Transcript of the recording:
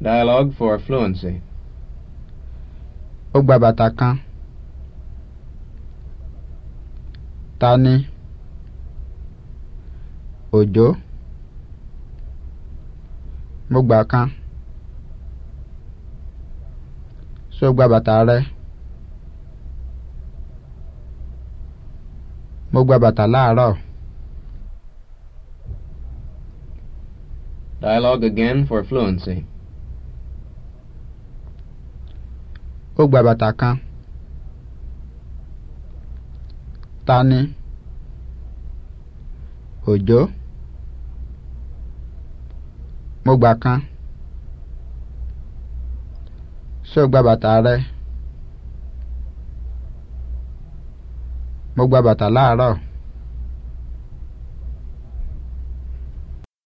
Dialogue for fluency. Ó gba bàtà kan. Ta ni? Òjò. Mo gbà kan. Ṣé o gba bàtà rẹ? Mo gba kan se gba láàárọ̀. Dialogue again for fluency. ó gba bàtà kan ta ni òjò mo gbà kan ṣé o gba bàtà rẹ mo gba bàtà láàárọ̀.